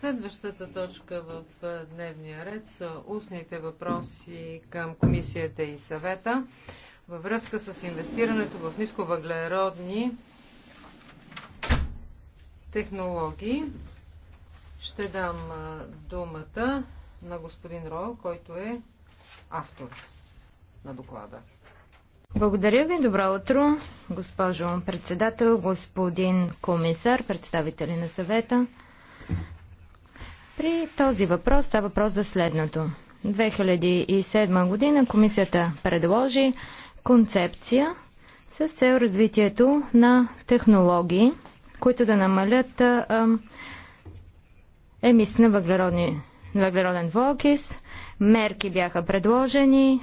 Следващата точка в дневния ред са устните въпроси към комисията и съвета във връзка с инвестирането в нисковъглеродни технологии. Ще дам думата на господин Ро, който е автор на доклада. Благодаря ви. Добро утро, госпожо председател, господин комисар, представители на съвета. При този въпрос става въпрос за следното. 2007 година комисията предложи концепция с цел развитието на технологии, които да намалят емисии на въглероден двуокис. Мерки бяха предложени